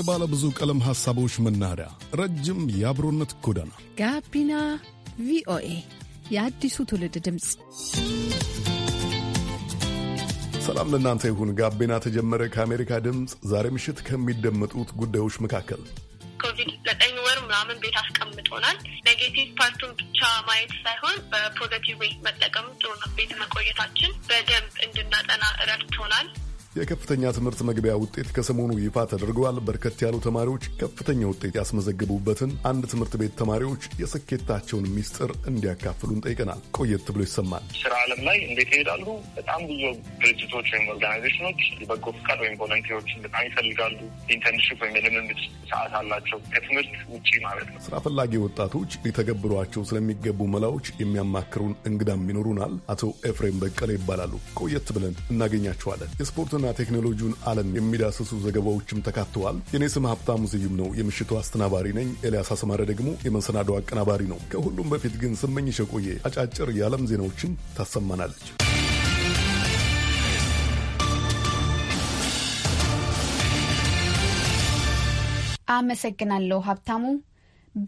የባለ ብዙ ቀለም ሐሳቦች መናኸሪያ፣ ረጅም የአብሮነት ጎዳና ጋቢና ቪኦኤ የአዲሱ ትውልድ ድምፅ። ሰላም ለእናንተ ይሁን። ጋቢና ተጀመረ። ከአሜሪካ ድምፅ ዛሬ ምሽት ከሚደመጡት ጉዳዮች መካከል ኮቪድ ዘጠኝ ወር ምናምን ቤት አስቀምጦናል። ኔጌቲቭ ፓርቱን ብቻ ማየት ሳይሆን በፖዘቲቭ ወይ መጠቀም ጥሩ ነው። ቤት መቆየታችን በደንብ እንድናጠና ረድቶናል። የከፍተኛ ትምህርት መግቢያ ውጤት ከሰሞኑ ይፋ ተደርገዋል። በርከት ያሉ ተማሪዎች ከፍተኛ ውጤት ያስመዘግቡበትን አንድ ትምህርት ቤት ተማሪዎች የስኬታቸውን ሚስጥር እንዲያካፍሉን ጠይቀናል። ቆየት ብሎ ይሰማል። ስራ ዓለም ላይ እንዴት ይሄዳሉ? በጣም ብዙ ድርጅቶች ወይም ኦርጋናይዜሽኖች በጎ ፍቃድ ወይም ቮለንቲሮችን በጣም ይፈልጋሉ። ኢንተርንሽፕ ወይም የልምምድ ሰዓት አላቸው፣ ከትምህርት ውጭ ማለት ነው። ስራ ፈላጊ ወጣቶች ሊተገብሯቸው ስለሚገቡ መላዎች የሚያማክሩን እንግዳም ይኖሩናል። አቶ ኤፍሬም በቀለ ይባላሉ። ቆየት ብለን እናገኛቸዋለን። የስፖርት ሳይንሱንና ቴክኖሎጂውን ዓለም የሚዳስሱ ዘገባዎችም ተካተዋል። የኔ ስም ሀብታሙ ስዩም ነው። የምሽቱ አስተናባሪ ነኝ። ኤልያስ አስማረ ደግሞ የመሰናዶ አቀናባሪ ነው። ከሁሉም በፊት ግን ስመኝሽ የቆየ አጫጭር የዓለም ዜናዎችን ታሰማናለች። አመሰግናለሁ ሀብታሙ።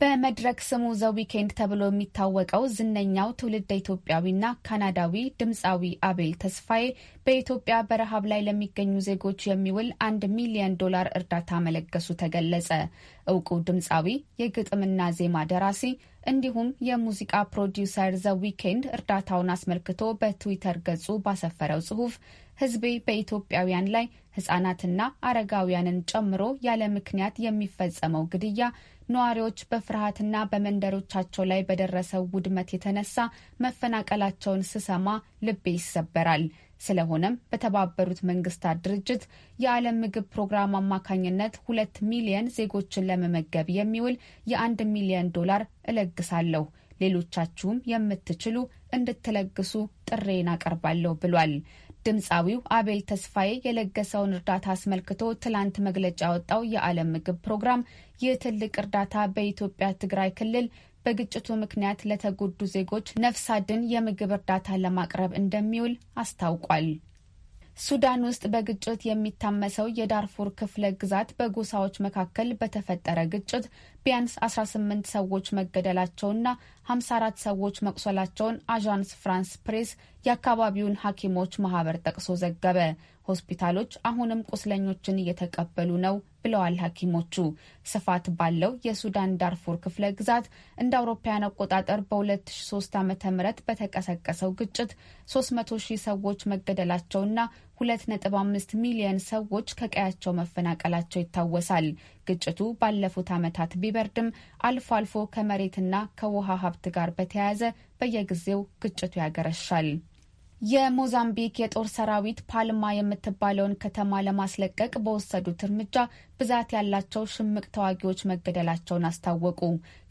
በመድረክ ስሙ ዘ ዊኬንድ ተብሎ የሚታወቀው ዝነኛው ትውልደ ኢትዮጵያዊና ካናዳዊ ድምፃዊ አቤል ተስፋዬ በኢትዮጵያ በረሃብ ላይ ለሚገኙ ዜጎች የሚውል አንድ ሚሊዮን ዶላር እርዳታ መለገሱ ተገለጸ። እውቁ ድምፃዊ የግጥምና ዜማ ደራሲ እንዲሁም የሙዚቃ ፕሮዲውሰር ዘ ዊኬንድ እርዳታውን አስመልክቶ በትዊተር ገጹ ባሰፈረው ጽሁፍ ህዝቤ በኢትዮጵያውያን ላይ ህጻናትና አረጋውያንን ጨምሮ ያለ ምክንያት የሚፈጸመው ግድያ ነዋሪዎች በፍርሃትና በመንደሮቻቸው ላይ በደረሰው ውድመት የተነሳ መፈናቀላቸውን ስሰማ ልቤ ይሰበራል። ስለሆነም በተባበሩት መንግስታት ድርጅት የዓለም ምግብ ፕሮግራም አማካኝነት ሁለት ሚሊየን ዜጎችን ለመመገብ የሚውል የአንድ ሚሊየን ዶላር እለግሳለሁ ሌሎቻችሁም የምትችሉ እንድትለግሱ ጥሬን አቀርባለሁ ብሏል። ድምፃዊው አቤል ተስፋዬ የለገሰውን እርዳታ አስመልክቶ ትላንት መግለጫ ያወጣው የዓለም ምግብ ፕሮግራም ይህ ትልቅ እርዳታ በኢትዮጵያ ትግራይ ክልል በግጭቱ ምክንያት ለተጎዱ ዜጎች ነፍስ አድን የምግብ እርዳታ ለማቅረብ እንደሚውል አስታውቋል። ሱዳን ውስጥ በግጭት የሚታመሰው የዳርፉር ክፍለ ግዛት በጎሳዎች መካከል በተፈጠረ ግጭት ቢያንስ 18 ሰዎች መገደላቸውና 54 ሰዎች መቁሰላቸውን አዣንስ ፍራንስ ፕሬስ የአካባቢውን ሐኪሞች ማህበር ጠቅሶ ዘገበ። ሆስፒታሎች አሁንም ቁስለኞችን እየተቀበሉ ነው ብለዋል ሐኪሞቹ። ስፋት ባለው የሱዳን ዳርፉር ክፍለ ግዛት እንደ አውሮፓውያን አቆጣጠር በ2003 ዓ ም በተቀሰቀሰው ግጭት 300 ሺህ ሰዎች መገደላቸውና 2.5 ሚሊየን ሰዎች ከቀያቸው መፈናቀላቸው ይታወሳል። ግጭቱ ባለፉት ዓመታት ቢበርድም አልፎ አልፎ ከመሬትና ከውሃ ሀብት ጋር በተያያዘ በየጊዜው ግጭቱ ያገረሻል። የሞዛምቢክ የጦር ሰራዊት ፓልማ የምትባለውን ከተማ ለማስለቀቅ በወሰዱት እርምጃ ብዛት ያላቸው ሽምቅ ተዋጊዎች መገደላቸውን አስታወቁ።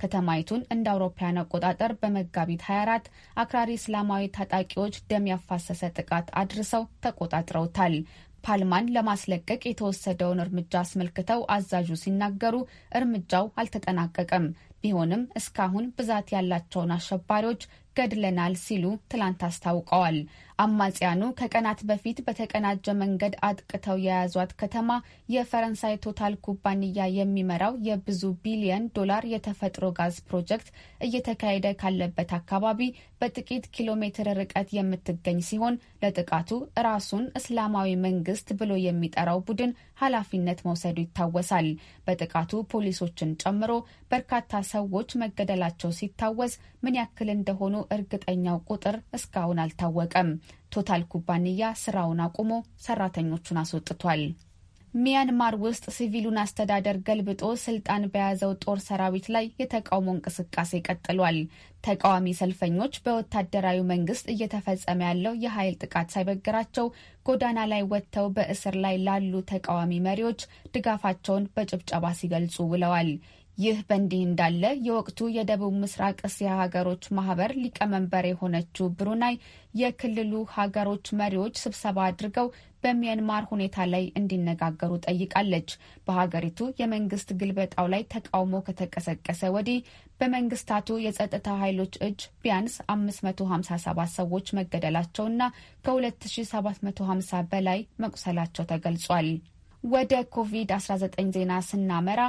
ከተማይቱን እንደ አውሮፓውያን አቆጣጠር በመጋቢት 24 አክራሪ እስላማዊ ታጣቂዎች ደም ያፋሰሰ ጥቃት አድርሰው ተቆጣጥረውታል። ፓልማን ለማስለቀቅ የተወሰደውን እርምጃ አስመልክተው አዛዡ ሲናገሩ እርምጃው አልተጠናቀቀም፣ ቢሆንም እስካሁን ብዛት ያላቸውን አሸባሪዎች ገድለናል ሲሉ ትላንት አስታውቀዋል። አማጽያኑ ከቀናት በፊት በተቀናጀ መንገድ አጥቅተው የያዟት ከተማ የፈረንሳይ ቶታል ኩባንያ የሚመራው የብዙ ቢሊየን ዶላር የተፈጥሮ ጋዝ ፕሮጀክት እየተካሄደ ካለበት አካባቢ በጥቂት ኪሎ ሜትር ርቀት የምትገኝ ሲሆን ለጥቃቱ ራሱን እስላማዊ መንግስት ብሎ የሚጠራው ቡድን ኃላፊነት መውሰዱ ይታወሳል። በጥቃቱ ፖሊሶችን ጨምሮ በርካታ ሰዎች መገደላቸው ሲታወስ ምን ያክል እንደሆኑ እርግጠኛው ቁጥር እስካሁን አልታወቀም። ቶታል ኩባንያ ስራውን አቁሞ ሰራተኞቹን አስወጥቷል። ሚያንማር ውስጥ ሲቪሉን አስተዳደር ገልብጦ ስልጣን በያዘው ጦር ሰራዊት ላይ የተቃውሞ እንቅስቃሴ ቀጥሏል። ተቃዋሚ ሰልፈኞች በወታደራዊ መንግስት እየተፈጸመ ያለው የኃይል ጥቃት ሳይበግራቸው ጎዳና ላይ ወጥተው በእስር ላይ ላሉ ተቃዋሚ መሪዎች ድጋፋቸውን በጭብጨባ ሲገልጹ ውለዋል። ይህ በእንዲህ እንዳለ የወቅቱ የደቡብ ምስራቅ እስያ ሀገሮች ማህበር ሊቀመንበር የሆነችው ብሩናይ የክልሉ ሀገሮች መሪዎች ስብሰባ አድርገው በሚያንማር ሁኔታ ላይ እንዲነጋገሩ ጠይቃለች። በሀገሪቱ የመንግስት ግልበጣው ላይ ተቃውሞ ከተቀሰቀሰ ወዲህ በመንግስታቱ የጸጥታ ኃይሎች እጅ ቢያንስ 557 ሰዎች መገደላቸውና ከ2750 በላይ መቁሰላቸው ተገልጿል። ወደ ኮቪድ-19 ዜና ስናመራ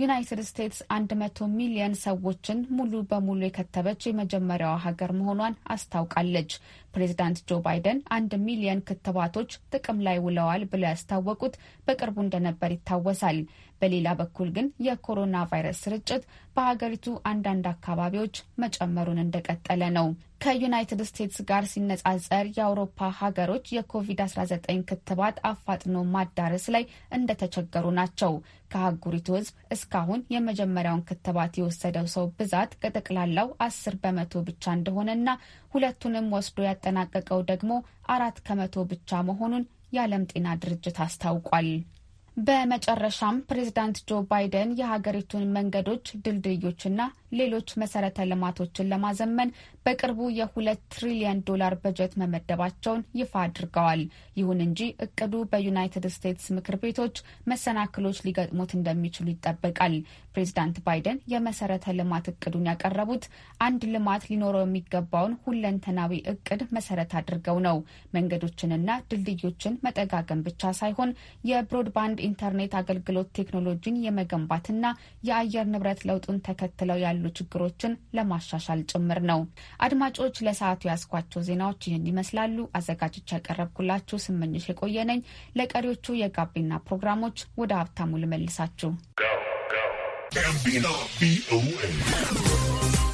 ዩናይትድ ስቴትስ 100 ሚሊየን ሰዎችን ሙሉ በሙሉ የከተበች የመጀመሪያዋ ሀገር መሆኗን አስታውቃለች። ፕሬዚዳንት ጆ ባይደን አንድ ሚሊየን ክትባቶች ጥቅም ላይ ውለዋል ብለው ያስታወቁት በቅርቡ እንደነበር ይታወሳል። በሌላ በኩል ግን የኮሮና ቫይረስ ስርጭት በሀገሪቱ አንዳንድ አካባቢዎች መጨመሩን እንደቀጠለ ነው። ከዩናይትድ ስቴትስ ጋር ሲነጻጸር የአውሮፓ ሀገሮች የኮቪድ-19 ክትባት አፋጥኖ ማዳረስ ላይ እንደተቸገሩ ናቸው። ከአህጉሪቱ ሕዝብ እስካሁን የመጀመሪያውን ክትባት የወሰደው ሰው ብዛት ከጠቅላላው አስር በመቶ ብቻ እንደሆነና ሁለቱንም ወስዶ ያጠናቀቀው ደግሞ አራት ከመቶ ብቻ መሆኑን የዓለም ጤና ድርጅት አስታውቋል። በመጨረሻም ፕሬዚዳንት ጆ ባይደን የሀገሪቱን መንገዶች፣ ድልድዮችና ሌሎች መሰረተ ልማቶችን ለማዘመን በቅርቡ የሁለት ትሪሊየን ዶላር በጀት መመደባቸውን ይፋ አድርገዋል። ይሁን እንጂ እቅዱ በዩናይትድ ስቴትስ ምክር ቤቶች መሰናክሎች ሊገጥሙት እንደሚችሉ ይጠበቃል። ፕሬዚዳንት ባይደን የመሰረተ ልማት እቅዱን ያቀረቡት አንድ ልማት ሊኖረው የሚገባውን ሁለንተናዊ እቅድ መሰረት አድርገው ነው። መንገዶችንና ድልድዮችን መጠጋገን ብቻ ሳይሆን የብሮድባንድ ኢንተርኔት አገልግሎት ቴክኖሎጂን የመገንባትና የአየር ንብረት ለውጡን ተከትለው ያሉ ችግሮችን ለማሻሻል ጭምር ነው። አድማጮች፣ ለሰዓቱ ያስኳቸው ዜናዎች ይህን ይመስላሉ። አዘጋጆች ያቀረብኩላችሁ ስመኝሽ የቆየነኝ። ለቀሪዎቹ የጋቢና ፕሮግራሞች ወደ ሀብታሙ ልመልሳችሁ። Gambino, B-O-A.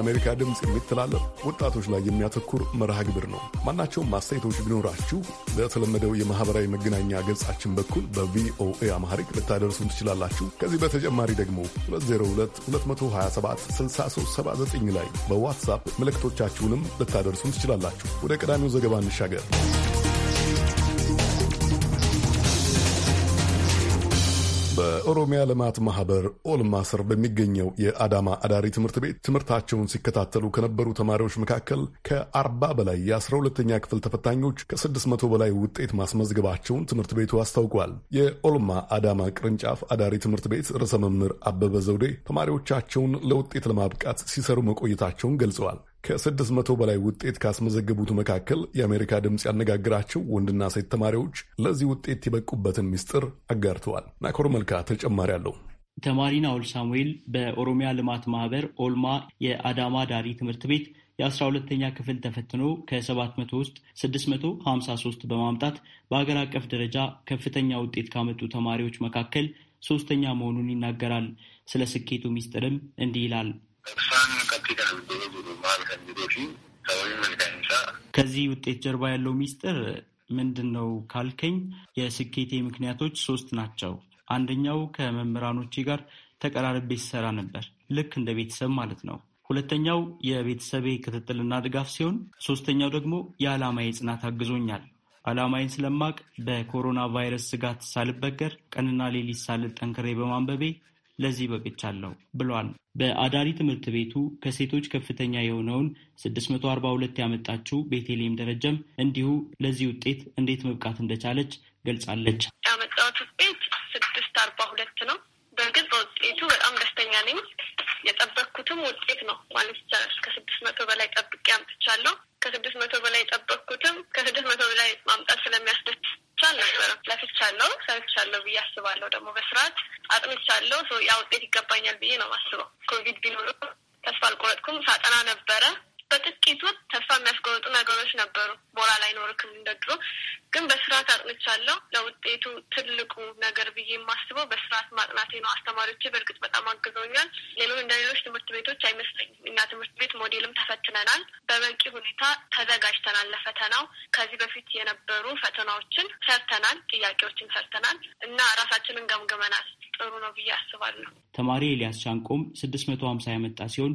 ከአሜሪካ ድምፅ የሚተላለፍ ወጣቶች ላይ የሚያተኩር መርሃ ግብር ነው። ማናቸውም አስተያየቶች ቢኖራችሁ በተለመደው የማህበራዊ መገናኛ ገጻችን በኩል በቪኦኤ አማሪክ ልታደርሱን ትችላላችሁ። ከዚህ በተጨማሪ ደግሞ 2022276379 ላይ በዋትሳፕ መልእክቶቻችሁንም ልታደርሱን ትችላላችሁ። ወደ ቀዳሚው ዘገባ እንሻገር። በኦሮሚያ ልማት ማህበር ኦልማ ስር በሚገኘው የአዳማ አዳሪ ትምህርት ቤት ትምህርታቸውን ሲከታተሉ ከነበሩ ተማሪዎች መካከል ከአርባ በላይ የአስራ ሁለተኛ ክፍል ተፈታኞች ከስድስት መቶ በላይ ውጤት ማስመዝገባቸውን ትምህርት ቤቱ አስታውቋል። የኦልማ አዳማ ቅርንጫፍ አዳሪ ትምህርት ቤት ርዕሰ መምህር አበበ ዘውዴ ተማሪዎቻቸውን ለውጤት ለማብቃት ሲሰሩ መቆየታቸውን ገልጸዋል። ከስድስት መቶ በላይ ውጤት ካስመዘገቡት መካከል የአሜሪካ ድምፅ ያነጋግራቸው ወንድና ሴት ተማሪዎች ለዚህ ውጤት የበቁበትን ምስጢር አጋርተዋል። ናኮር መልካ ተጨማሪ አለው። ተማሪ ናውል ሳሙኤል በኦሮሚያ ልማት ማህበር ኦልማ የአዳማ ዳሪ ትምህርት ቤት የአስራ ሁለተኛ ክፍል ተፈትኖ ከሰባት መቶ ውስጥ ስድስት መቶ ሀምሳ ሶስት በማምጣት በሀገር አቀፍ ደረጃ ከፍተኛ ውጤት ካመጡ ተማሪዎች መካከል ሶስተኛ መሆኑን ይናገራል። ስለ ስኬቱ ሚስጥርም እንዲህ ይላል። ከዚህ ውጤት ጀርባ ያለው ሚስጥር ምንድን ነው ካልከኝ፣ የስኬቴ ምክንያቶች ሶስት ናቸው። አንደኛው ከመምህራኖቼ ጋር ተቀራርቤ ስሰራ ነበር፣ ልክ እንደ ቤተሰብ ማለት ነው። ሁለተኛው የቤተሰቤ ክትትልና ድጋፍ ሲሆን፣ ሶስተኛው ደግሞ የዓላማዬ ጽናት አግዞኛል። ዓላማዬን ስለማቅ በኮሮና ቫይረስ ስጋት ሳልበገር ቀንና ሌሊት ሳልጠንክሬ በማንበቤ ለዚህ በቅቻለሁ ብሏል። በአዳሪ ትምህርት ቤቱ ከሴቶች ከፍተኛ የሆነውን 642 ያመጣችው ቤቴሌም ደረጀም እንዲሁ ለዚህ ውጤት እንዴት መብቃት እንደቻለች ገልጻለች። ያመጣሁት ውጤት ደስተኛ ነኝ። የጠበቅኩትም ውጤት ነው ማለት ይቻላል። ከስድስት መቶ በላይ ጠብቄ አምጥቻለሁ። ከስድስት መቶ በላይ የጠበቅኩትም ከስድስት መቶ በላይ ማምጣት ስለሚያስደስት ብቻ ነበረ ለፍቻለሁ፣ ሰርቻለሁ ብዬ አስባለሁ። ደግሞ በስርዓት አጥንቻለሁ። ያ ውጤት ይገባኛል ብዬ ነው የማስበው። ኮቪድ ቢኖርም ተስፋ አልቆረጥኩም። ሳጠና ነበረ በጥቂቱ ተስፋ የሚያስቆርጡ ነገሮች ነበሩ። ቦራ ላይ እንደ ድሮ። ግን በስርዓት አጥንቻለሁ። ለውጤቱ ትልቁ ነገር ብዬ የማስበው በስርዓት ማጥናቴ ነው። አስተማሪዎች በእርግጥ በጣም አግዘውኛል። ሌሎች እንደ ሌሎች ትምህርት ቤቶች አይመስለኝም እና ትምህርት ቤት ሞዴልም ተፈትነናል። በበቂ ሁኔታ ተዘጋጅተናል ለፈተናው። ከዚህ በፊት የነበሩ ፈተናዎችን ሰርተናል፣ ጥያቄዎችን ሰርተናል እና ራሳችንን ገምግመናል። ጥሩ ነው ብዬ አስባለሁ። ተማሪ ኤልያስ ሻንቆም ስድስት መቶ ሀምሳ ያመጣ ሲሆን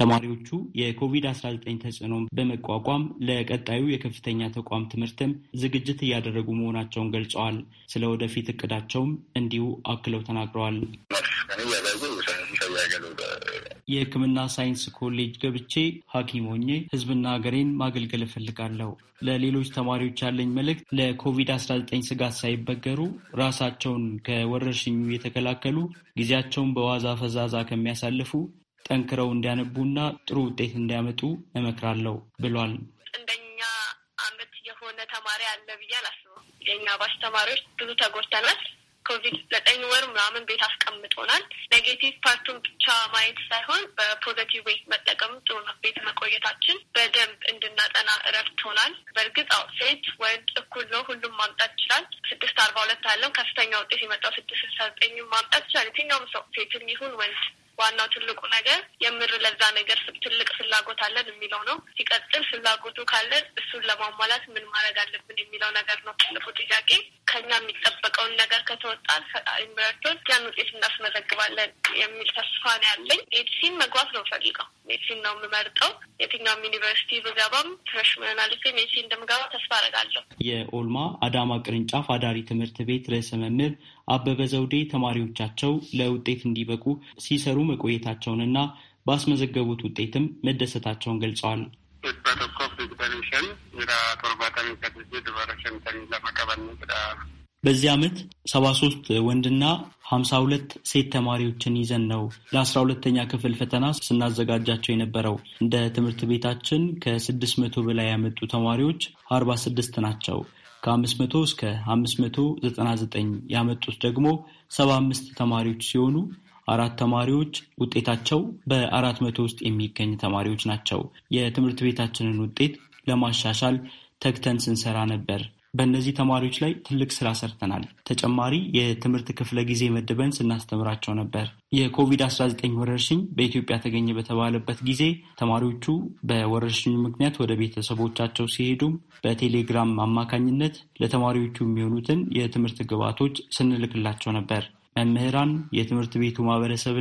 ተማሪዎቹ የኮቪድ-19 ተጽዕኖ በመቋቋም ለቀጣዩ የከፍተኛ ተቋም ትምህርትም ዝግጅት እያደረጉ መሆናቸውን ገልጸዋል። ስለ ወደፊት እቅዳቸውም እንዲሁ አክለው ተናግረዋል። የሕክምና ሳይንስ ኮሌጅ ገብቼ ሐኪም ሆኜ ህዝብና ሀገሬን ማገልገል እፈልጋለሁ። ለሌሎች ተማሪዎች ያለኝ መልእክት ለኮቪድ-19 ስጋት ሳይበገሩ ራሳቸውን ከወረርሽኙ የተከላከሉ ጊዜያቸውን በዋዛ ፈዛዛ ከሚያሳልፉ ጠንክረው እንዲያነቡና ጥሩ ውጤት እንዲያመጡ እመክራለሁ ብሏል። እንደኛ አመት የሆነ ተማሪ አለ ብዬ አላስብም። የእኛ ባስ ተማሪዎች ብዙ ተጎድተናል። ኮቪድ ዘጠኝ ወር ምናምን ቤት አስቀምጦናል። ኔጌቲቭ ፓርቱን ብቻ ማየት ሳይሆን በፖዘቲቭ ወይ መጠቀሙ ጥሩ ነው። ቤት መቆየታችን በደንብ እንድናጠና እረፍት ሆናል። በእርግጥ አው ሴት ወንድ እኩል ነው፣ ሁሉም ማምጣት ይችላል። ስድስት አርባ ሁለት አለም ከፍተኛ ውጤት የመጣው ስድስት ስልሳ ዘጠኝ ማምጣት ይችላል። የትኛውም ሰው ሴትም ይሁን ወንድ ዋናው ትልቁ ነገር የምር ለዛ ነገር ትልቅ ፍላጎት አለን የሚለው ነው። ሲቀጥል ፍላጎቱ ካለን እሱን ለማሟላት ምን ማድረግ አለብን የሚለው ነገር ነው ትልቁ ጥያቄ። ከኛ የሚጠበቀውን ነገር ከተወጣን ፈጣሪ ምረቶን ያን ውጤት እናስመዘግባለን የሚል ተስፋ ነው ያለኝ። ሜዲሲን መግባት ነው ፈልገው ሜዲሲን ነው የምመርጠው። የትኛውም ዩኒቨርሲቲ ብገባም ፍሬሽመን አልፌ ሜዲሲን እንደምገባ ተስፋ አደርጋለሁ። የኦልማ አዳማ ቅርንጫፍ አዳሪ ትምህርት ቤት ርዕሰ መምህር አበበ ዘውዴ ተማሪዎቻቸው ለውጤት እንዲበቁ ሲሰሩ መቆየታቸውንና ባስመዘገቡት ውጤትም መደሰታቸውን ገልጸዋል። በዚህ ዓመት ሰባ ሶስት ወንድና ሀምሳ ሁለት ሴት ተማሪዎችን ይዘን ነው ለአስራ ሁለተኛ ክፍል ፈተና ስናዘጋጃቸው የነበረው። እንደ ትምህርት ቤታችን ከስድስት መቶ በላይ ያመጡ ተማሪዎች አርባ ስድስት ናቸው። ከ500 እስከ 599 ያመጡት ደግሞ 75 ተማሪዎች ሲሆኑ አራት ተማሪዎች ውጤታቸው በ400 ውስጥ የሚገኝ ተማሪዎች ናቸው። የትምህርት ቤታችንን ውጤት ለማሻሻል ተግተን ስንሰራ ነበር። በእነዚህ ተማሪዎች ላይ ትልቅ ስራ ሰርተናል። ተጨማሪ የትምህርት ክፍለ ጊዜ መድበን ስናስተምራቸው ነበር። የኮቪድ-19 ወረርሽኝ በኢትዮጵያ ተገኘ በተባለበት ጊዜ ተማሪዎቹ በወረርሽኙ ምክንያት ወደ ቤተሰቦቻቸው ሲሄዱም በቴሌግራም አማካኝነት ለተማሪዎቹ የሚሆኑትን የትምህርት ግብዓቶች ስንልክላቸው ነበር። መምህራን፣ የትምህርት ቤቱ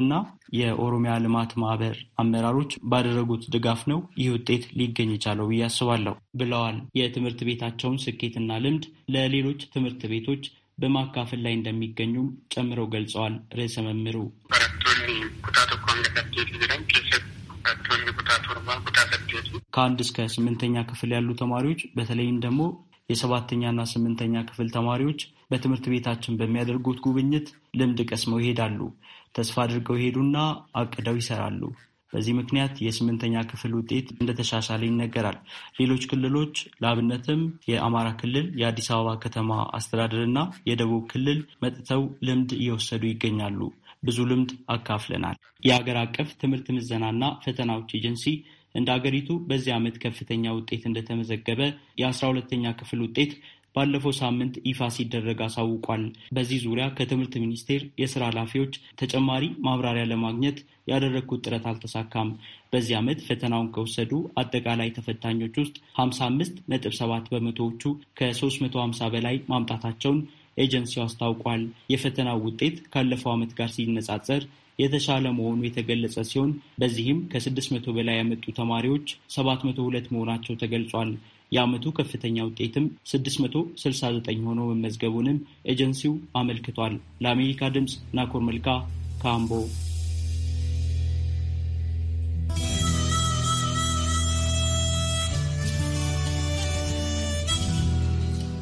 እና የኦሮሚያ ልማት ማህበር አመራሮች ባደረጉት ድጋፍ ነው ይህ ውጤት ሊገኝ የቻለው ብዬ አስባለሁ ብለዋል። የትምህርት ቤታቸውን ስኬትና ልምድ ለሌሎች ትምህርት ቤቶች በማካፈል ላይ እንደሚገኙም ጨምረው ገልጸዋል። ርዕሰ መምህሩ ከአንድ እስከ ስምንተኛ ክፍል ያሉ ተማሪዎች በተለይም ደግሞ የሰባተኛና ስምንተኛ ክፍል ተማሪዎች በትምህርት ቤታችን በሚያደርጉት ጉብኝት ልምድ ቀስመው ይሄዳሉ። ተስፋ አድርገው ይሄዱና አቅደው ይሰራሉ። በዚህ ምክንያት የስምንተኛ ክፍል ውጤት እንደተሻሻለ ይነገራል። ሌሎች ክልሎች ለአብነትም የአማራ ክልል፣ የአዲስ አበባ ከተማ አስተዳደር እና የደቡብ ክልል መጥተው ልምድ እየወሰዱ ይገኛሉ። ብዙ ልምድ አካፍለናል። የሀገር አቀፍ ትምህርት ምዘናና ፈተናዎች ኤጀንሲ እንደ አገሪቱ በዚህ ዓመት ከፍተኛ ውጤት እንደተመዘገበ የአስራ ሁለተኛ ክፍል ውጤት ባለፈው ሳምንት ይፋ ሲደረግ አሳውቋል። በዚህ ዙሪያ ከትምህርት ሚኒስቴር የስራ ኃላፊዎች ተጨማሪ ማብራሪያ ለማግኘት ያደረግኩት ጥረት አልተሳካም። በዚህ ዓመት ፈተናውን ከወሰዱ አጠቃላይ ተፈታኞች ውስጥ 55 ነጥብ 7 በመቶዎቹ ከ350 በላይ ማምጣታቸውን ኤጀንሲው አስታውቋል። የፈተናው ውጤት ካለፈው ዓመት ጋር ሲነጻጸር የተሻለ መሆኑ የተገለጸ ሲሆን በዚህም ከ600 በላይ ያመጡ ተማሪዎች 702 መሆናቸው ተገልጿል። የዓመቱ ከፍተኛ ውጤትም 669 ሆኖ መመዝገቡንም ኤጀንሲው አመልክቷል። ለአሜሪካ ድምፅ ናኮር መልካ ካምቦ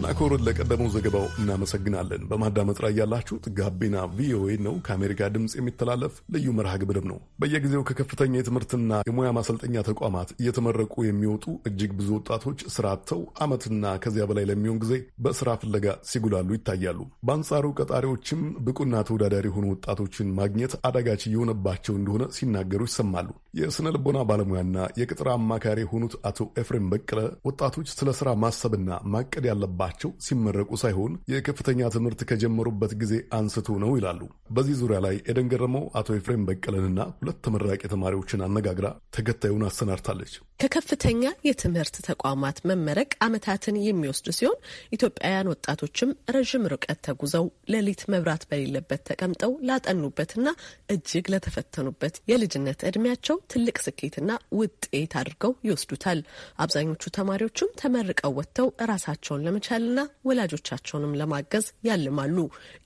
ናኮርን ለቀደመው ዘገባው እናመሰግናለን። በማዳመጥ ላይ ያላችሁት ጋቢና ቪኦኤ ነው፣ ከአሜሪካ ድምፅ የሚተላለፍ ልዩ መርሃ ግብርም ነው። በየጊዜው ከከፍተኛ የትምህርትና የሙያ ማሰልጠኛ ተቋማት እየተመረቁ የሚወጡ እጅግ ብዙ ወጣቶች ስራ አጥተው ዓመትና ከዚያ በላይ ለሚሆን ጊዜ በስራ ፍለጋ ሲጉላሉ ይታያሉ። በአንጻሩ ቀጣሪዎችም ብቁና ተወዳዳሪ የሆኑ ወጣቶችን ማግኘት አዳጋች እየሆነባቸው እንደሆነ ሲናገሩ ይሰማሉ። የስነ ልቦና ባለሙያና የቅጥር አማካሪ የሆኑት አቶ ኤፍሬም በቀለ ወጣቶች ስለ ስራ ማሰብና ማቀድ ያለባቸው ስራቸው ሲመረቁ ሳይሆን የከፍተኛ ትምህርት ከጀመሩበት ጊዜ አንስቶ ነው ይላሉ። በዚህ ዙሪያ ላይ ኤደን ገረመው አቶ ኤፍሬም በቀለንና ሁለት ተመራቂ ተማሪዎችን አነጋግራ ተከታዩን አሰናድታለች። ከከፍተኛ የትምህርት ተቋማት መመረቅ ዓመታትን የሚወስድ ሲሆን ኢትዮጵያውያን ወጣቶችም ረዥም ርቀት ተጉዘው ሌሊት መብራት በሌለበት ተቀምጠው ላጠኑበትና እጅግ ለተፈተኑበት የልጅነት ዕድሜያቸው ትልቅ ስኬትና ውጤት አድርገው ይወስዱታል። አብዛኞቹ ተማሪዎችም ተመርቀው ወጥተው ራሳቸውን ለመቻል ለማሻሻልና ወላጆቻቸውንም ለማገዝ ያልማሉ።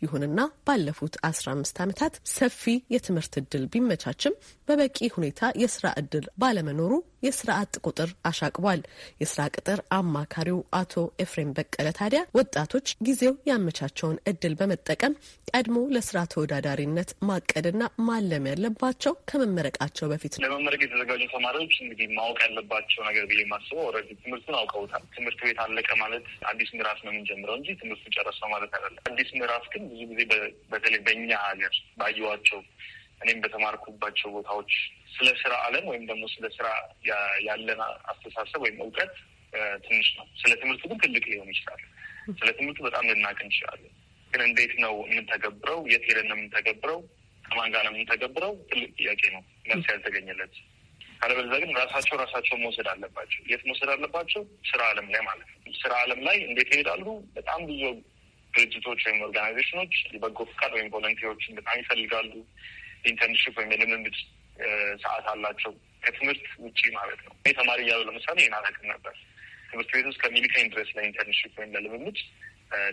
ይሁንና ባለፉት አስራ አምስት ዓመታት ሰፊ የትምህርት እድል ቢመቻችም በበቂ ሁኔታ የስራ እድል ባለመኖሩ የስራ አጥ ቁጥር አሻቅቧል። የስራ ቅጥር አማካሪው አቶ ኤፍሬም በቀለ ታዲያ ወጣቶች ጊዜው ያመቻቸውን እድል በመጠቀም ቀድሞ ለስራ ተወዳዳሪነት ማቀድና ማለም ያለባቸው ከመመረቃቸው በፊት ነው። ለመመረቅ የተዘጋጁ ተማሪዎች እንግዲህ ማወቅ ያለባቸው ነገር ብዬ ማስበው ኦልሬዲ ትምህርቱን አውቀውታል። ትምህርት ቤት አለቀ ማለት አዲስ ምዕራፍ ነው የምንጀምረው እንጂ ትምህርቱ ጨረሰው ማለት አይደለም። አዲስ ምዕራፍ ግን ብዙ ጊዜ በተለይ በእኛ ሀገር ባየዋቸው እኔም በተማርኩባቸው ቦታዎች ስለ ስራ ዓለም ወይም ደግሞ ስለ ስራ ያለን አስተሳሰብ ወይም እውቀት ትንሽ ነው። ስለ ትምህርቱ ግን ትልቅ ሊሆን ይችላል። ስለ ትምህርቱ በጣም ልናቅ እንችላለን። ግን እንዴት ነው የምንተገብረው? የት ሄደን ነው የምንተገብረው? ከማን ጋር ነው የምንተገብረው? ትልቅ ጥያቄ ነው፣ መልስ ያልተገኘለት። አለበለዚያ ግን ራሳቸው ራሳቸው መውሰድ አለባቸው። የት መውሰድ አለባቸው? ስራ አለም ላይ ማለት ነው። ስራ አለም ላይ እንዴት ይሄዳሉ? በጣም ብዙ ድርጅቶች ወይም ኦርጋናይዜሽኖች በጎ ፍቃድ ወይም ቮለንቲሮችን በጣም ይፈልጋሉ። ኢንተርንሽፕ ወይም የልምምድ ሰዓት አላቸው ከትምህርት ውጭ ማለት ነው። ተማሪ እያሉ ለምሳሌ ይህን አላውቅም ነበር። ትምህርት ቤት ውስጥ ከሚልከኝ ድረስ ለኢንተርንሽፕ ወይም ለልምምድ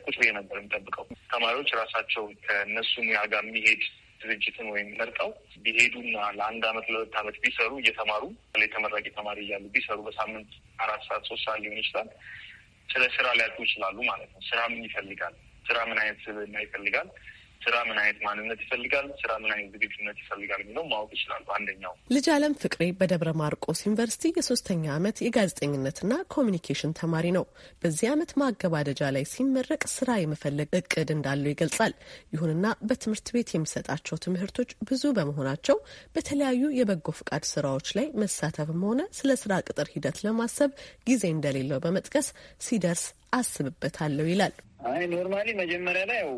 ቁጭ ብዬ ነበር የምጠብቀው። ተማሪዎች ራሳቸው ከእነሱ ሙያ ጋር የሚሄድ ድርጅትን ወይም መርጠው ቢሄዱና ለአንድ አመት ለሁለት አመት ቢሰሩ እየተማሩ ላይ ተመራቂ ተማሪ እያሉ ቢሰሩ በሳምንት አራት ሰዓት ሶስት ሰዓት ሊሆን ይችላል። ስለ ስራ ሊያውቁ ይችላሉ ማለት ነው። ስራ ምን ይፈልጋል፣ ስራ ምን አይነት ስብዕና ይፈልጋል፣ ስራ ምን አይነት ማንነት ይፈልጋል፣ ስራ ምን አይነት ዝግጁነት ይፈልጋል የሚለው ማወቅ ይችላሉ። አንደኛው ልጅ አለም ፍቅሬ በደብረ ማርቆስ ዩኒቨርሲቲ የሶስተኛ ዓመት የጋዜጠኝነትና ኮሚኒኬሽን ተማሪ ነው። በዚህ አመት ማገባደጃ ላይ ሲመረቅ ስራ የመፈለግ እቅድ እንዳለው ይገልጻል። ይሁንና በትምህርት ቤት የሚሰጣቸው ትምህርቶች ብዙ በመሆናቸው በተለያዩ የበጎ ፍቃድ ስራዎች ላይ መሳተፍም ሆነ ስለ ስራ ቅጥር ሂደት ለማሰብ ጊዜ እንደሌለው በመጥቀስ ሲደርስ አስብበታለሁ ይላል። አይ ኖርማሊ መጀመሪያ ላይ ያው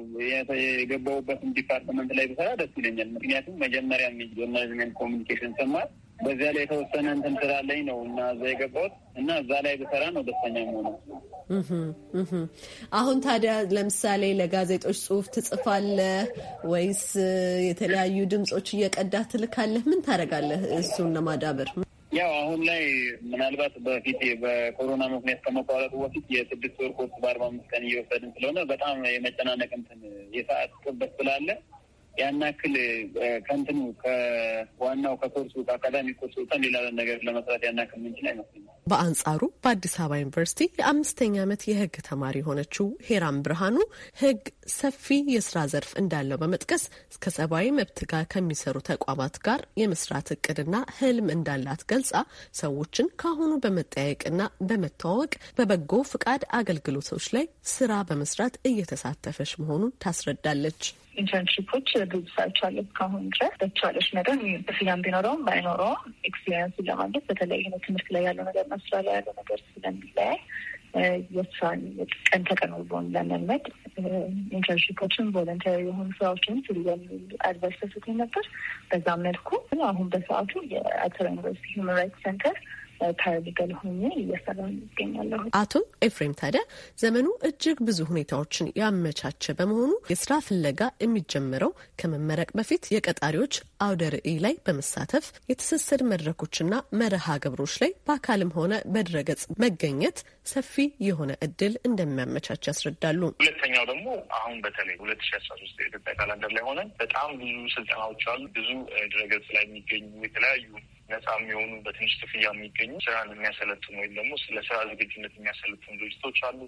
የገባሁበትን ዲፓርትመንት ላይ ብሰራ ደስ ይለኛል። ምክንያቱም መጀመሪያ ጆርናሊዝም ኮሚኒኬሽን ተማር በዚያ ላይ የተወሰነ እንትን ስላለኝ ነው እና እዛ የገባሁት እና እዛ ላይ ብሰራ ነው ደስተኛ መሆነ። አሁን ታዲያ ለምሳሌ ለጋዜጦች ጽሁፍ ትጽፋለህ ወይስ የተለያዩ ድምጾች እየቀዳህ ትልካለህ? ምን ታደርጋለህ እሱን ለማዳበር? ያው አሁን ላይ ምናልባት በፊት በኮሮና ምክንያት ከመቋረጡ በፊት የስድስት ወር ኮርስ በአርባ አምስት ቀን እየወሰድን ስለሆነ በጣም የመጨናነቅ እንትን የሰዓት ጥበት ስላለ ያን ያክል ከንትኑ ከዋናው ከኮርሱ ከአካዳሚ ኮርሱ ወጣን ሌላ ነገር ለመስራት ያን ያክል ምንችል አይመስለኛል። በአንጻሩ በአዲስ አበባ ዩኒቨርሲቲ የአምስተኛ ዓመት የህግ ተማሪ የሆነችው ሄራም ብርሃኑ ህግ ሰፊ የስራ ዘርፍ እንዳለው በመጥቀስ እስከ ሰብአዊ መብት ጋር ከሚሰሩ ተቋማት ጋር የመስራት እቅድና ህልም እንዳላት ገልጻ ሰዎችን ከአሁኑ በመጠያየቅና በመተዋወቅ በበጎ ፍቃድ አገልግሎቶች ላይ ስራ በመስራት እየተሳተፈች መሆኑን ታስረዳለች። ኢንተርንሽፖች ብዙሳቸዋል እስካሁን ድረስ በቻለች ነገር ክፍያም ቢኖረውም ባይኖረውም ኤክስፔሪንሱን ለማግኘት በተለይ ይህ ትምህርት ላይ ያለው ነገር መስራ ላይ ያለው ነገር ስለሚለያይ የእሷን ቀን ተቀን ውሎን ለመልመድ ኢንተርንሽፖችን ቮለንተሪ የሆኑ ስራዎችን ስሉ በሚል አድቫይስ ተሰጥቶኝ ነበር። በዛ መልኩ አሁን በሰዓቱ የአተራ ዩኒቨርሲቲ ሁማን ራይትስ ሴንተር ፓራሊጋል ሆኜ እየሰራ ይገኛለሁ። አቶ ኤፍሬም ታዲያ ዘመኑ እጅግ ብዙ ሁኔታዎችን ያመቻቸ በመሆኑ የስራ ፍለጋ የሚጀምረው ከመመረቅ በፊት የቀጣሪዎች አውደ ርዕይ ላይ በመሳተፍ የትስስር መድረኮችና መርሃ ግብሮች ላይ በአካልም ሆነ በድረገጽ መገኘት ሰፊ የሆነ እድል እንደሚያመቻች ያስረዳሉ። ሁለተኛው ደግሞ አሁን በተለይ ሁለት ሺ አስራ ሶስት የኢትዮጵያ ካላንደር ላይ ሆነ በጣም ብዙ ስልጠናዎች አሉ። ብዙ ድረገጽ ላይ የሚገኙ የተለያዩ ነጻ የሚሆኑ በትንሽ ክፍያ የሚገኙ ስራን የሚያሰለጥኑ ወይም ደግሞ ስለ ስራ ዝግጁነት የሚያሰለጥኑ ድርጅቶች አሉ።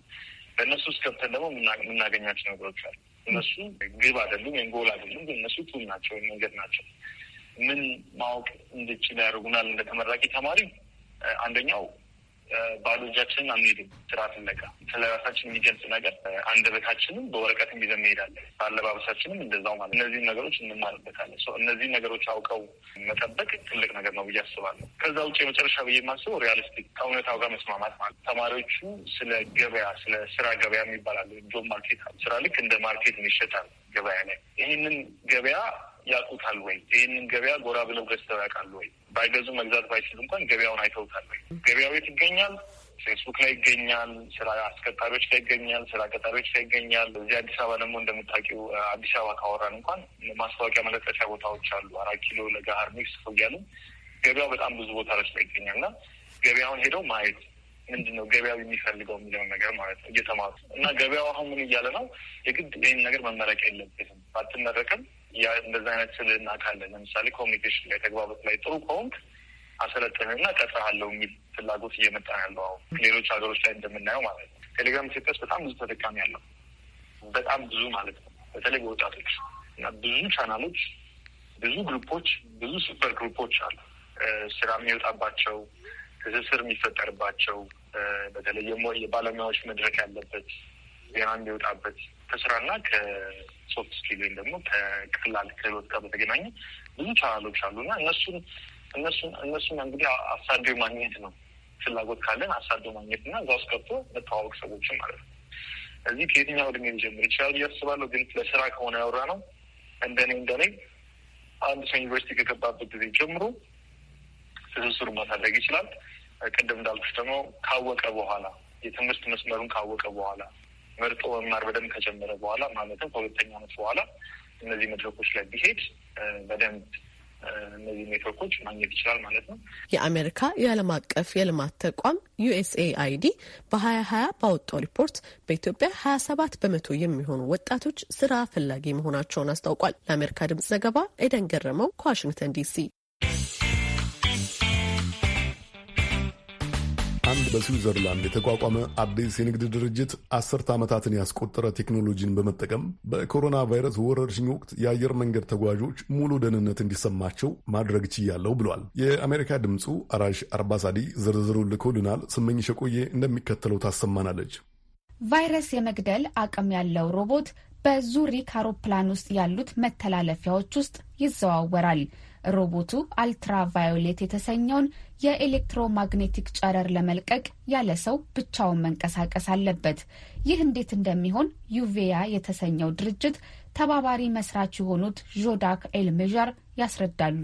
በእነሱ ውስጥ ገብተን ደግሞ የምናገኛቸው ነገሮች አሉ። እነሱ ግብ አይደሉም ወይም ጎል አይደሉም፣ ግን እነሱ ቱል ናቸው ወይም መንገድ ናቸው። ምን ማወቅ እንድችል ያደርጉናል እንደ ተመራቂ ተማሪ አንደኛው ባዶ እጃችንን አንሄድም። ስርዓት ነቃ ስለ ራሳችን የሚገልጽ ነገር አንደበታችንም በወረቀት ይዘን እንሄዳለን። በአለባበሳችንም እንደዛው ማለት እነዚህ ነገሮች እንማርበታለን። እነዚህ ነገሮች አውቀው መጠበቅ ትልቅ ነገር ነው ብዬ አስባለሁ። ከዛ ውጭ የመጨረሻ ብዬ የማስበው ሪያሊስቲክ ከእውነታው ጋር መስማማት ማለት ተማሪዎቹ ስለ ገበያ ስለ ስራ ገበያ የሚባላለ ጆብ ማርኬት ስራ ልክ እንደ ማርኬት ይሸጣል ገበያ ላይ ይህንን ገበያ ያውቁታል ወይ? ይህንን ገበያ ጎራ ብለው ገዝተው ያውቃሉ ወይ? ባይገዙ መግዛት ባይችሉ እንኳን ገበያውን አይተውታል ወይ? ገበያው የት ይገኛል? ፌስቡክ ላይ ይገኛል። ስራ አስቀጣሪዎች ላይ ይገኛል። ስራ ቀጣሪዎች ላይ ይገኛል። እዚህ አዲስ አበባ ደግሞ እንደምታውቂው አዲስ አበባ ካወራን እንኳን ማስታወቂያ መለጠፊያ ቦታዎች አሉ። አራት ኪሎ፣ ለገሃር ሚክስ እያሉ ገበያው በጣም ብዙ ቦታዎች ላይ ይገኛል እና ገበያውን ሄደው ማየት ምንድን ነው ገበያው የሚፈልገው የሚለውን ነገር ማለት ነው እየተማሩ እና ገበያው አሁን ምን እያለ ነው የግድ ይህን ነገር መመረቅ የለበትም። ባትመረቅም እንደዚ አይነት ስል እናውቃለን። ለምሳሌ ኮሚኒኬሽን ላይ ተግባበት ላይ ጥሩ ከሆንክ አሰለጥንና ቀጥረሃለሁ የሚል ፍላጎት እየመጣ ነው ያለው አሁን ሌሎች ሀገሮች ላይ እንደምናየው ማለት ነው። ቴሌግራም ኢትዮጵያ ውስጥ በጣም ብዙ ተጠቃሚ ያለው በጣም ብዙ ማለት ነው። በተለይ በወጣቶች እና ብዙ ቻናሎች፣ ብዙ ግሩፖች፣ ብዙ ሱፐር ግሩፖች አሉ ስራ የሚወጣባቸው ትስስር የሚፈጠርባቸው በተለይ የባለሙያዎች መድረክ ያለበት ዜና የሚወጣበት ከስራና ከሶፍት ስኪል ወይም ደግሞ ከቀላል ክህሎት ጋር በተገናኘ ብዙ ቻናሎች አሉና እነሱን እነሱን እነሱን እንግዲህ አሳዶ ማግኘት ነው። ፍላጎት ካለን አሳዶ ማግኘት እና እዛ ውስጥ ገብቶ መተዋወቅ ሰዎችን ማለት ነው። እዚህ ከየትኛው እድሜ ሊጀምር ይችላል እያስባለሁ። ግን ለስራ ከሆነ ያወራ ነው እንደኔ እንደኔ አንድ ሰው ዩኒቨርሲቲ ከገባበት ጊዜ ጀምሮ ትስስሩ ማሳደግ ይችላል። ቅድም እንዳልኩሽ ደግሞ ካወቀ በኋላ የትምህርት መስመሩን ካወቀ በኋላ መርጦ መማር በደንብ ከጀመረ በኋላ ማለትም ከሁለተኛ ዓመት በኋላ እነዚህ መድረኮች ላይ ቢሄድ በደንብ እነዚህ ኔትወርኮች ማግኘት ይችላል ማለት ነው። የአሜሪካ የዓለም አቀፍ የልማት ተቋም ዩኤስኤአይዲ በሀያ ሀያ ባወጣው ሪፖርት በኢትዮጵያ ሀያ ሰባት በመቶ የሚሆኑ ወጣቶች ስራ ፈላጊ መሆናቸውን አስታውቋል። ለአሜሪካ ድምጽ ዘገባ ኤደን ገረመው ከዋሽንግተን ዲሲ በስዊዘርላንድ የተቋቋመ አዲስ የንግድ ድርጅት አስርተ ዓመታትን ያስቆጠረ ቴክኖሎጂን በመጠቀም በኮሮና ቫይረስ ወረርሽኝ ወቅት የአየር መንገድ ተጓዦች ሙሉ ደህንነት እንዲሰማቸው ማድረግ ችያለሁ ብሏል። የአሜሪካ ድምፁ አራሽ አርባሳዲ ዝርዝሩ ልኮልናል። ስመኝ ሸቆዬ እንደሚከተለው ታሰማናለች። ቫይረስ የመግደል አቅም ያለው ሮቦት በዙሪክ አውሮፕላን ውስጥ ያሉት መተላለፊያዎች ውስጥ ይዘዋወራል። ሮቦቱ አልትራቫዮሌት የተሰኘውን የኤሌክትሮማግኔቲክ ጨረር ለመልቀቅ ያለ ሰው ብቻውን መንቀሳቀስ አለበት። ይህ እንዴት እንደሚሆን ዩቬያ የተሰኘው ድርጅት ተባባሪ መስራች የሆኑት ዦዳክ ኤልሜዣር ያስረዳሉ።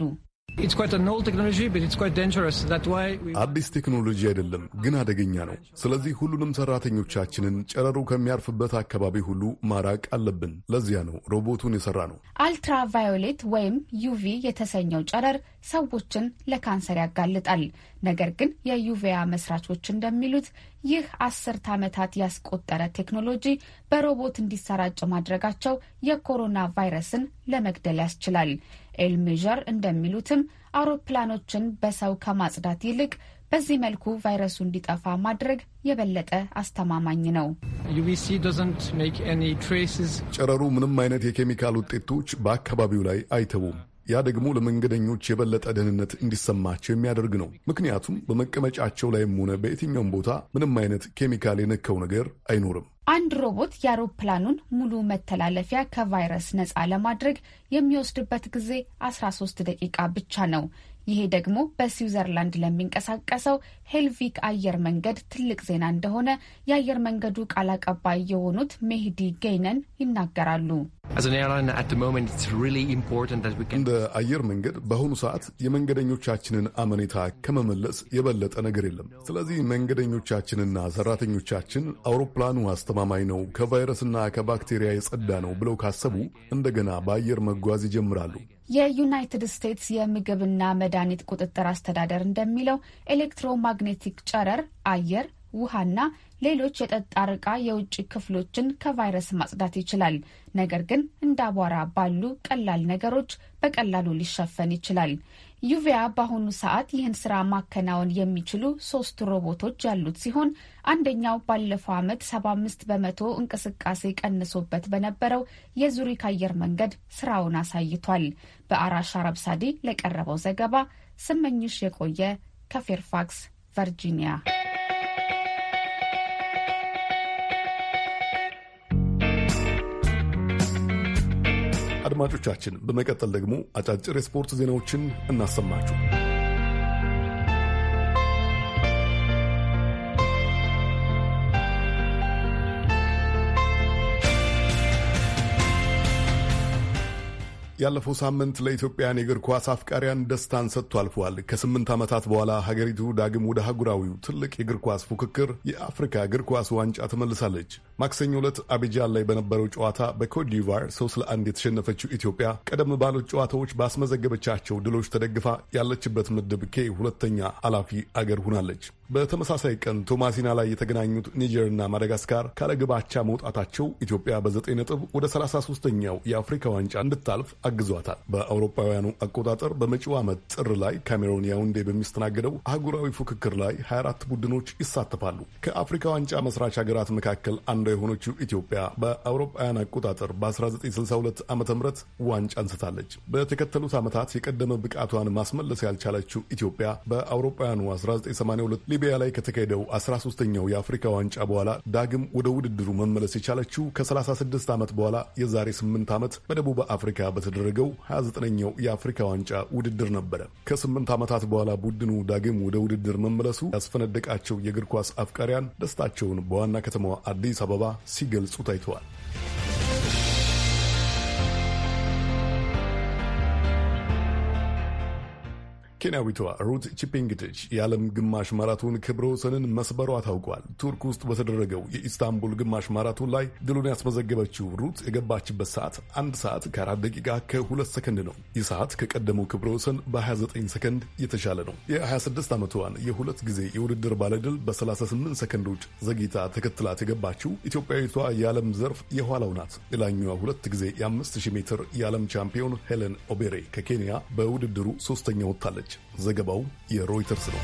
አዲስ ቴክኖሎጂ አይደለም፣ ግን አደገኛ ነው። ስለዚህ ሁሉንም ሰራተኞቻችንን ጨረሩ ከሚያርፍበት አካባቢ ሁሉ ማራቅ አለብን። ለዚያ ነው ሮቦቱን የሰራ ነው። አልትራቫዮሌት ወይም ዩቪ የተሰኘው ጨረር ሰዎችን ለካንሰር ያጋልጣል። ነገር ግን የዩቪያ መስራቾች እንደሚሉት ይህ አስርት ዓመታት ያስቆጠረ ቴክኖሎጂ በሮቦት እንዲሰራጭ ማድረጋቸው የኮሮና ቫይረስን ለመግደል ያስችላል። ኤልሜዠር እንደሚሉትም አውሮፕላኖችን በሰው ከማጽዳት ይልቅ በዚህ መልኩ ቫይረሱ እንዲጠፋ ማድረግ የበለጠ አስተማማኝ ነው። ጨረሩ ምንም አይነት የኬሚካል ውጤቶች በአካባቢው ላይ አይተውም። ያ ደግሞ ለመንገደኞች የበለጠ ደህንነት እንዲሰማቸው የሚያደርግ ነው። ምክንያቱም በመቀመጫቸው ላይም ሆነ በየትኛውም ቦታ ምንም አይነት ኬሚካል የነካው ነገር አይኖርም። አንድ ሮቦት የአውሮፕላኑን ሙሉ መተላለፊያ ከቫይረስ ነፃ ለማድረግ የሚወስድበት ጊዜ 13 ደቂቃ ብቻ ነው። ይሄ ደግሞ በስዊዘርላንድ ለሚንቀሳቀሰው ሄልቪክ አየር መንገድ ትልቅ ዜና እንደሆነ የአየር መንገዱ ቃል አቀባይ የሆኑት ሜህዲ ጌይነን ይናገራሉ። እንደ አየር መንገድ በአሁኑ ሰዓት የመንገደኞቻችንን አመኔታ ከመመለስ የበለጠ ነገር የለም። ስለዚህ መንገደኞቻችንና ሰራተኞቻችን አውሮፕላኑ አስተማማኝ ነው፣ ከቫይረስና ከባክቴሪያ የጸዳ ነው ብለው ካሰቡ እንደገና በአየር መጓዝ ይጀምራሉ። የዩናይትድ ስቴትስ የምግብና መድኃኒት ቁጥጥር አስተዳደር እንደሚለው ኤሌክትሮማግኔቲክ ጨረር አየር፣ ውሃና ሌሎች የጠጣር ዕቃ የውጭ ክፍሎችን ከቫይረስ ማጽዳት ይችላል። ነገር ግን እንደ አቧራ ባሉ ቀላል ነገሮች በቀላሉ ሊሸፈን ይችላል። ዩቪያ በአሁኑ ሰዓት ይህን ስራ ማከናወን የሚችሉ ሶስት ሮቦቶች ያሉት ሲሆን አንደኛው ባለፈው ዓመት 75 በመቶ እንቅስቃሴ ቀንሶበት በነበረው የዙሪክ አየር መንገድ ስራውን አሳይቷል። በአራሽ አረብ ለቀረበው ዘገባ ስመኝሽ የቆየ ከፌርፋክስ ቨርጂኒያ አድማጮቻችን፣ በመቀጠል ደግሞ አጫጭር የስፖርት ዜናዎችን እናሰማችሁ። ያለፈው ሳምንት ለኢትዮጵያን የእግር ኳስ አፍቃሪያን ደስታን ሰጥቶ አልፏል። ከስምንት ዓመታት በኋላ ሀገሪቱ ዳግም ወደ አህጉራዊው ትልቅ የእግር ኳስ ፉክክር የአፍሪካ እግር ኳስ ዋንጫ ትመልሳለች። ማክሰኞ ዕለት አቢጃን ላይ በነበረው ጨዋታ በኮት ሰው ሶስት ለአንድ የተሸነፈችው ኢትዮጵያ ቀደም ባሉት ጨዋታዎች ባስመዘገበቻቸው ድሎች ተደግፋ ያለችበት ምድብ ኬ ሁለተኛ አላፊ አገር ሆናለች። በተመሳሳይ ቀን ቶማሲና ላይ የተገናኙት ኒጀርና ማዳጋስካር ካለግባቻ መውጣታቸው ኢትዮጵያ በዘጠኝ ነጥብ ወደ 33ኛው የአፍሪካ ዋንጫ እንድታልፍ አግዟታል። በአውሮፓውያኑ አቆጣጠር በመጪው ዓመት ጥር ላይ ካሜሮን ያውንዴ በሚስተናገደው አህጉራዊ ፉክክር ላይ 24 ቡድኖች ይሳተፋሉ። ከአፍሪካ ዋንጫ መስራች ሀገራት መካከል አንዷ የሆነችው ኢትዮጵያ በአውሮፓውያን አቆጣጠር በ1962 ዓ ም ዋንጫ አንስታለች። በተከተሉት ዓመታት የቀደመ ብቃቷን ማስመለስ ያልቻለችው ኢትዮጵያ በአውሮፓውያኑ 1982 ሊቢያ ላይ ከተካሄደው 13ኛው የአፍሪካ ዋንጫ በኋላ ዳግም ወደ ውድድሩ መመለስ የቻለችው ከ36 ዓመት በኋላ የዛሬ 8 ዓመት በደቡብ አፍሪካ በተ የተደረገው 29ኛው የአፍሪካ ዋንጫ ውድድር ነበረ። ከስምንት ዓመታት በኋላ ቡድኑ ዳግም ወደ ውድድር መመለሱ ያስፈነደቃቸው የእግር ኳስ አፍቃሪያን ደስታቸውን በዋና ከተማዋ አዲስ አበባ ሲገልጹ ታይተዋል። ኬንያዊቷ ሩት ቺፔንግቲች የዓለም ግማሽ ማራቶን ክብረ ወሰንን መስበሯ ታውቋል። ቱርክ ውስጥ በተደረገው የኢስታንቡል ግማሽ ማራቶን ላይ ድሉን ያስመዘገበችው ሩት የገባችበት ሰዓት አንድ ሰዓት ከአራት ደቂቃ ከሁለት ሰከንድ ነው። ይህ ሰዓት ከቀደመው ክብረ ወሰን በ29 ሰከንድ የተሻለ ነው። የ26 ዓመቷን የሁለት ጊዜ የውድድር ባለድል በ38 ሰከንዶች ዘግይታ ተከትላት የገባችው ኢትዮጵያዊቷ የዓለም ዘርፍ የኋላው ናት። ሌላኛዋ ሁለት ጊዜ የ5000 ሜትር የዓለም ቻምፒዮን ሄለን ኦቤሬ ከኬንያ በውድድሩ ሶስተኛ ወጥታለች። ዘገባው የሮይተርስ ነው።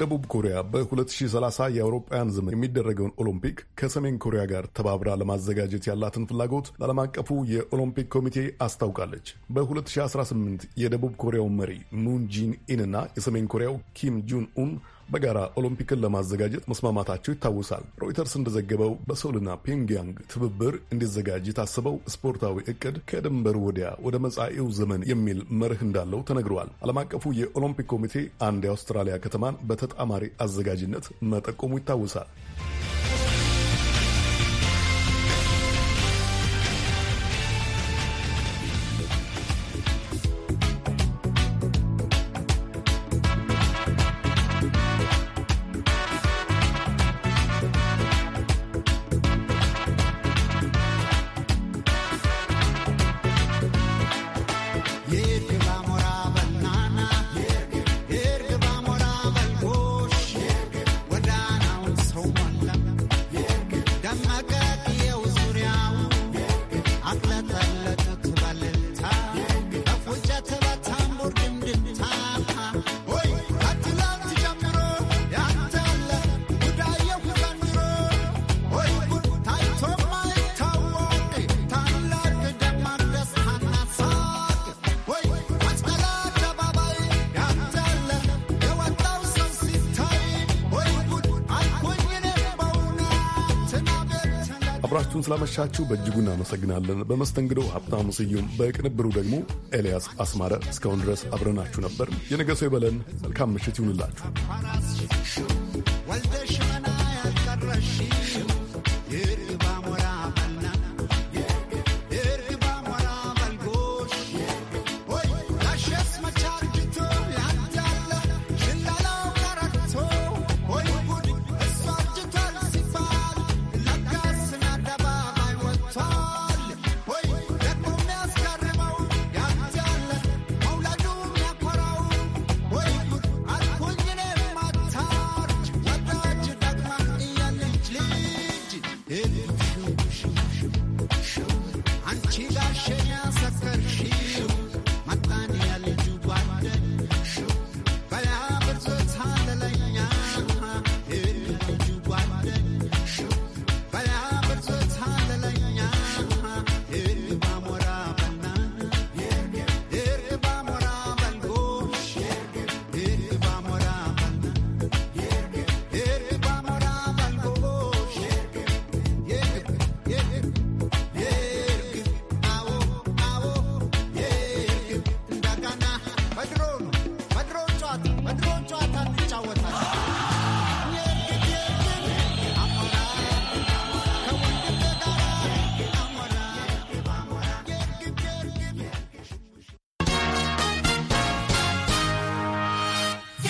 ደቡብ ኮሪያ በ2030 የአውሮፓውያን ዘመን የሚደረገውን ኦሎምፒክ ከሰሜን ኮሪያ ጋር ተባብራ ለማዘጋጀት ያላትን ፍላጎት ለዓለም አቀፉ የኦሎምፒክ ኮሚቴ አስታውቃለች። በ2018 የደቡብ ኮሪያው መሪ ሙን ጂን ኢንና የሰሜን ኮሪያው ኪም ጁን ኡን በጋራ ኦሎምፒክን ለማዘጋጀት መስማማታቸው ይታወሳል። ሮይተርስ እንደዘገበው በሶልና ፒንግያንግ ትብብር እንዲዘጋጅ የታሰበው ስፖርታዊ እቅድ ከድንበር ወዲያ ወደ መጻኤው ዘመን የሚል መርህ እንዳለው ተነግረዋል። ዓለም አቀፉ የኦሎምፒክ ኮሚቴ አንድ የአውስትራሊያ ከተማን በተጣማሪ አዘጋጅነት መጠቆሙ ይታወሳል። አብራችሁን ስላመሻችሁ በእጅጉ እናመሰግናለን። በመስተንግዶ ሀብታሙ ስዩም፣ በቅንብሩ ደግሞ ኤልያስ አስማረ። እስካሁን ድረስ አብረናችሁ ነበር። የነገ ሰው ይበለን። መልካም ምሽት ይሁንላችሁ። Yeah.